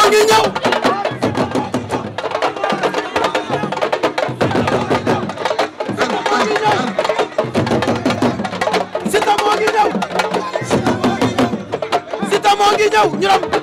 moo ngi ñëw Siteu moo ngi ñëw Siteu moo ngi ñëw ñu dem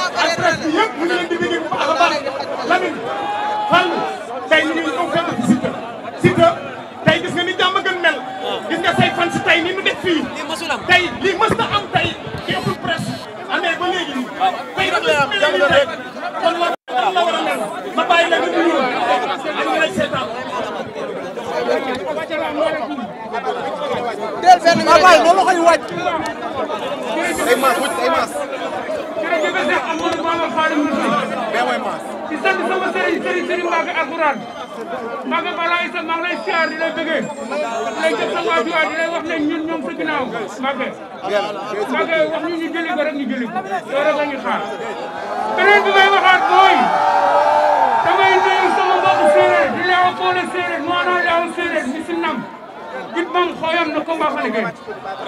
ak presse bi yëpp ñu leen di liggéey bu baax a baax Lamine Fall tey ñu ngi ñëw fekk ci Siteu Siteu tey gis nga ni gën mel gis nga say fan si tey ni nu def fii tey lii mës na am tey ci ëppul presse amee ba léegi tey sëriñ Mbacke alxuraan Mbacke balaa isa maa ngi lay siyaar di lay bëggee di lay jëf sa waajuwaay di wax ne ñun ñoom sa ginnaaw wax ñu ñu jëli ko rek ñu jëli ko bi may waxaat mooy damay nuyu sama mbokku séeréer di lay boole séeréer maanaam lay wax séeréer mi si nam xooyam na ko mbaaxale ke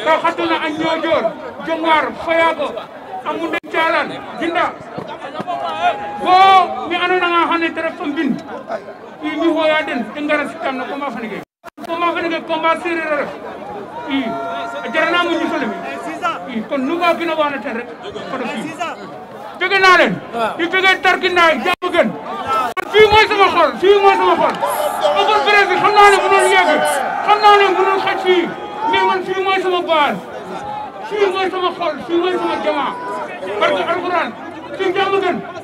ka xatuna a ñoojoor jongaar amunde caalaan jinda bo mi andoona yee xane ta ref o mbind i mi xooya den i ngara sikkaam no combat fene ke séeréer a ref i a jaranaam o ñufa le mi i kon nu mbaagino ɓaana ten rek fada fi jege naa i jege tarkindaay jàmm gën fii sama xol fii mooy sama xol open press xam naa ne mënul yegg xam naa ne mënul xaj fii man fii mooy sama baal fii mooy sama xol fii mooy sama jamaa parce alxuraan fii jàmm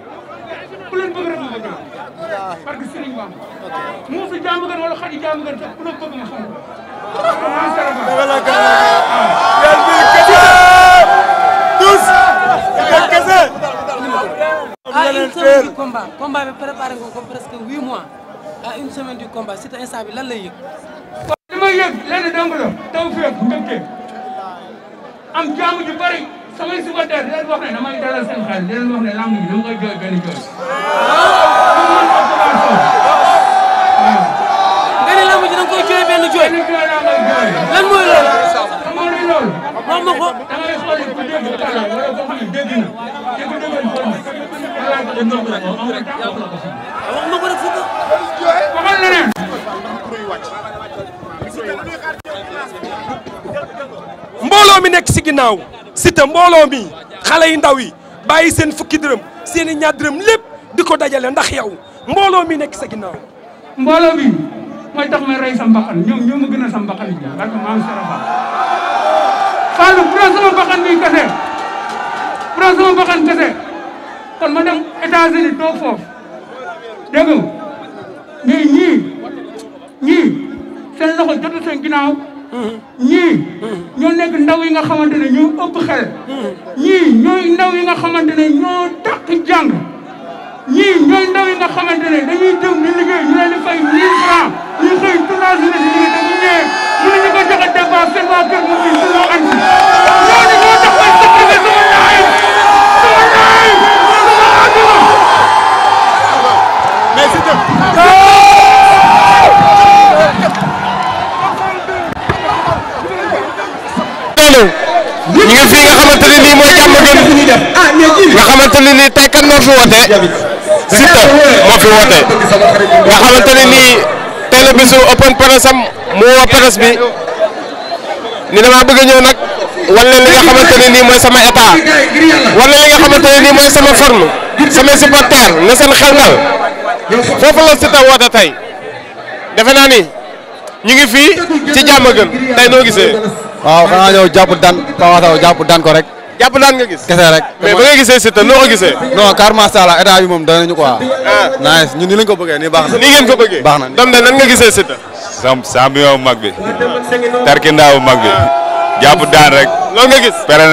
leen ku la bëgg ma xam à semaine du combat combat bi préparé nga ko presque mois à une semaine du combat si instant bi lan lay yëg. li may yëg lenn dong la taw am jaamu ju bari. samay supporters di leen wax ne damay dalal seen xel di leen wax ne lamb bi dama koy jooy benn jooy. nga ne lamb ji da nga koy jooy benn jooy. benn jooy laa koy jooy. lan mooy loolu. xamoo ne loolu. wax ma ko da ngay xool ku dégg kàlla wala koo xam ne dégg na te ku déggoon xool wala ko dégg na ko amul tàmm la ko xam. wax ma ko rek fu ko. waxal leneen. mbooloo mi nekk si ginnaaw. Siteu mbooloo mi xale yi ndaw yi bàyyi seen fukki dërëm seen i lépp di ko dajale ndax yow mbooloo mi nekk sa ginnaaw. mbooloo mi mooy tax ma ñoom ñoo ma gën a sa mbaxan yi barke maam Sarafa sama mbaxan bi kese bu sama mbaxan kese kon ma dem États-Unis toog foofu dégg ñii ñii seen loxo jotul seen ginnaaw. ñii ñoo nekk ndaw yi nga xamante ne ñoo ëpp xel ñii ñooy ndaw yi nga xamante ne ñoo dàq jàng ñii ñooy ndaw yi nga xamante ne dañuy jëm di liggéey ñu leen di fay mille francs ñu xëy tournage bi di liggéey ñu ngi fii nga xamante ne mooy jàmm ah, nga xamante ne nii tey fi woote Siteu moo fi woote nga xamante ne nii tey la bisu open press mu woo presse bi ni damaa bëgg a ñëw nag wan li nga xamante ne mooy sama état wan li nga xamante ne mooy sama forme sama supporter na seen xel dal foofu la Siteu woote tey defe naa ni ñu ngi fii ci jàmm gën noo gisee. waaw xanaa ñëw jàpp daan Papa Sow jàpp daan ko rek. jàpp daan nga gis. kese rek. mais ba nga gisee Siteu noo ko gisee. non car macha allah état moom danañu quoi. Ah. nice ñun ni lañ ko bëggee nii baax na. nii ngeen ko bëggee baax na. dom de nan nga gisee Siteu. sam champion mag bi. tarkindaaw mag bi. jàpp daan rek. loolu nga gis. pare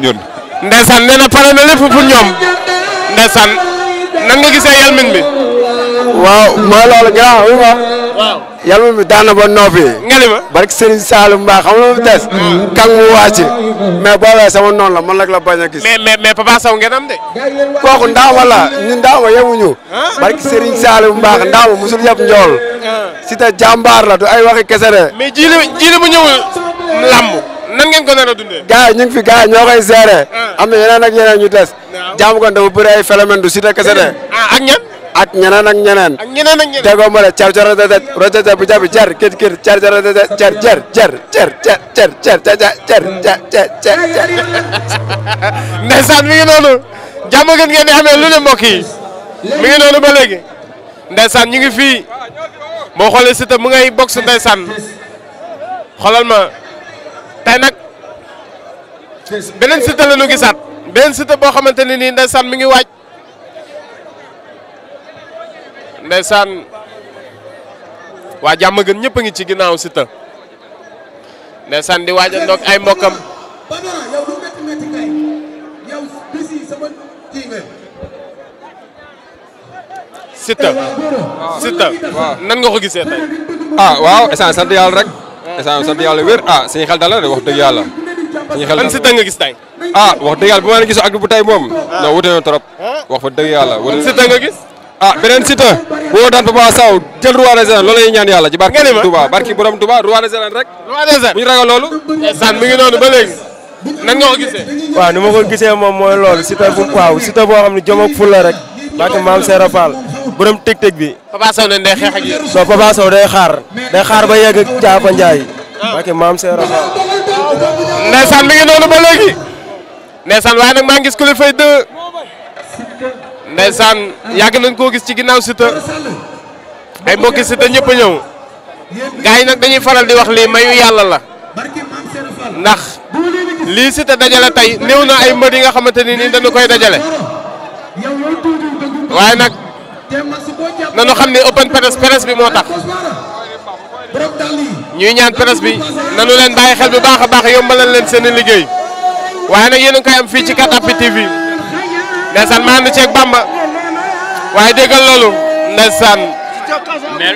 ñun. ndeysaan nee na pare na lépp pour ñoom. ndeysaan nan nga gisee yelmin bi. waaw mooy loolu gannaaw bi waaw yàlla mi daan na ba noppi. ngelima barke Serigne Saloum Mbaye xam nga lu des. Mm. Mm. kang mu wàcc mais boobee sama noonu la man nag la bañ a gis. mais mais mais Papa Sow ngeen am de. kooku ndaama la ñun ndaama yemuñu. Ah. barke Serigne Saloum Mbaye ndaama musul yëpp njool. Ah. si te jàmbaar la du ay waxi kese de. mais jiile jiile bu ñëwul lamb nan ngeen ko nar a dundee. gars yi ñu ngi fi gars yi seere. Ah. am na yeneen ak yeneen ñu des. waaw jàmm kon dafa bëri ay phénomène du si te ak ñeneen ak ñeneen. ak ñeneen ak ñeneen déggoo ma ne car car rotete bu jabi jar kit kit car car rotete car jar jar jar jar jar jar jar jar jar. ndeysaan mi ngi noonu jàmm gën ngeen di amee lu ne mbokk yi mi ngi noonu ba léegi ndeysaan ñu ngi fii boo xoolee Siteu mu ngay box ndeysaan xoolal ma tey nag beneen Siteu la ñu gisaat beneen Siteu boo xamante ne nii ndeysaan mi ngi waaj. ndeysaan waa jàmm gën ñëpp a ngi ci ginnaaw Siteu ndeysaan di waaj a ay mbokkam Siteu Siteu nan nga ko gisee tey ah waaw essence sant yàlla rek essence sant yàlla wér ah suñu xel dala wax dëgg yàlla suñu xel ban Siteu gis tey ah, wax dëgg yàlla bu ma leen gisoo ak bu tey moom non wute na trop wax fa dëgg yàlla Siteu nga gis ah beneen Siteu boo daan Papa Sow jël roi des arènes loolu la ñuy ñaan yàlla ci barki Touba barki borom Touba roi des arènes rek. roi des arènes bu ñu ragal loolu. ndeysaan mi ngi noonu ba léegi. nan nga ko gisee. waaw ni ma ko gisee moom mooy loolu Siteu bu waaw Siteu boo xam ne jom ak fulla rek. barki maam Serap Fall borom tëg-tëg bi. Papa Sow nañ day xeex ak yéen. soo Papa Sow day xaar day xaar ba yegg ak Thiafa Ndiaye. Ah. barki maam Serap Fall. ndeysaan mi ngi noonu ba léegi. ndeysaan waaye nag maa ngi gis ku la fay dë ndeysaan yàgg nañ koo gis ci ginnaaw Siteu ay mbokki Siteu ñëpp a ñëw gars nag dañuy faral di wax lii mayu yàlla la ndax lii Siteu dajale tey néew na ay mbër yi nga xamante ni nii dañu koy dajale waaye nag nañu xam ne open press press bi moo tax ñuy ñaan press bi nanu leen bàyyi xel bu baax a baax leen seen liggéey waaye nag yéen koy am fii ci Cat Appuy TV ndeysaan maa ngi ceeg Bamba waaye déggal loolu. ndeysaan. mer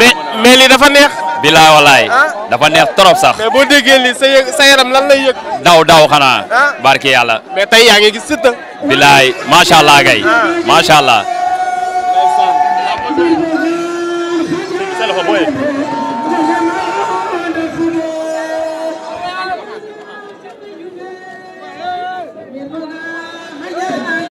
mer mais li dafa neex. bilaay walaay. Ah. dafa neex trop sax. mais boo déggee li sa yë lan lay daw daw xanaa. Ah. barki yàlla. mais tey yaa ngi gis Siteu. bilaay macha allah gay ah. macha allah.